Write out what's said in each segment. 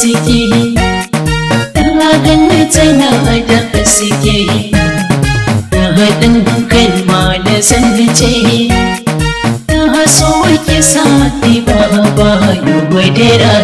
sikiri tana ganin tana da sikiri da haɗin kalma da sandace ta haso wake sa ba ba yi gwadera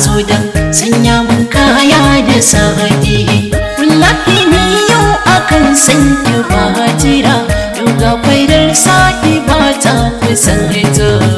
zo dan sanya mun kaya da sa'adi wallahi ni yau akan sanya fatira yau ga kwaidar sa'i ba ta kusan hito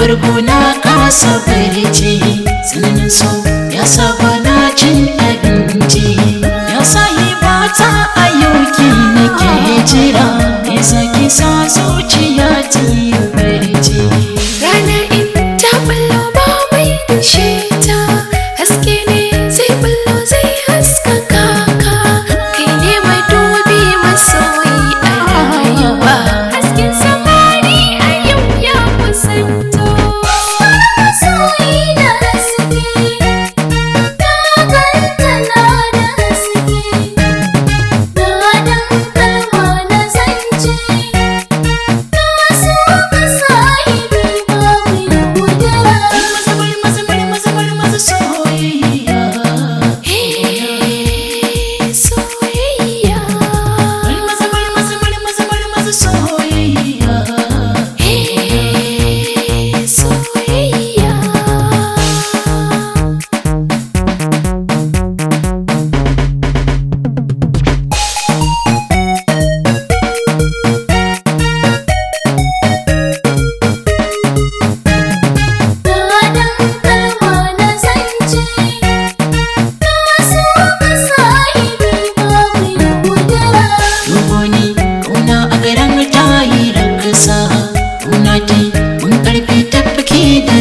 bargo na kasa barci tsananin so ya saba na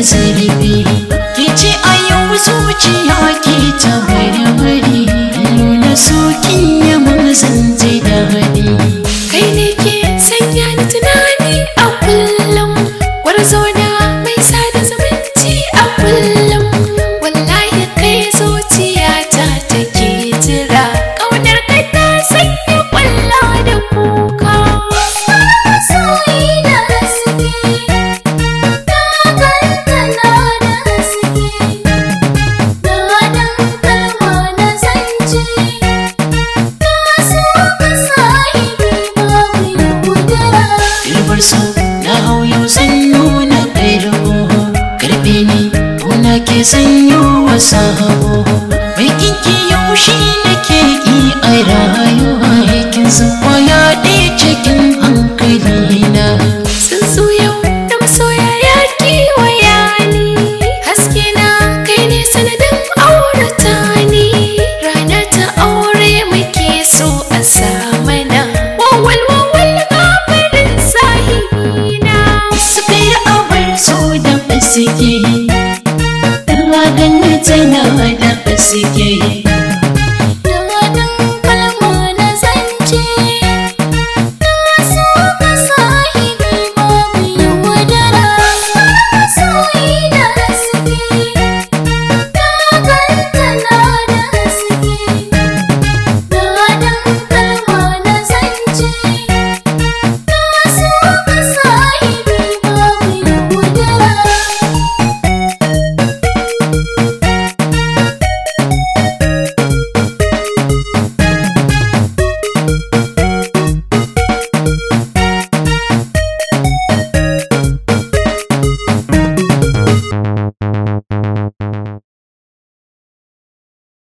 zurfi ki ce a zuciya ki ta bari bari nuna sokin coração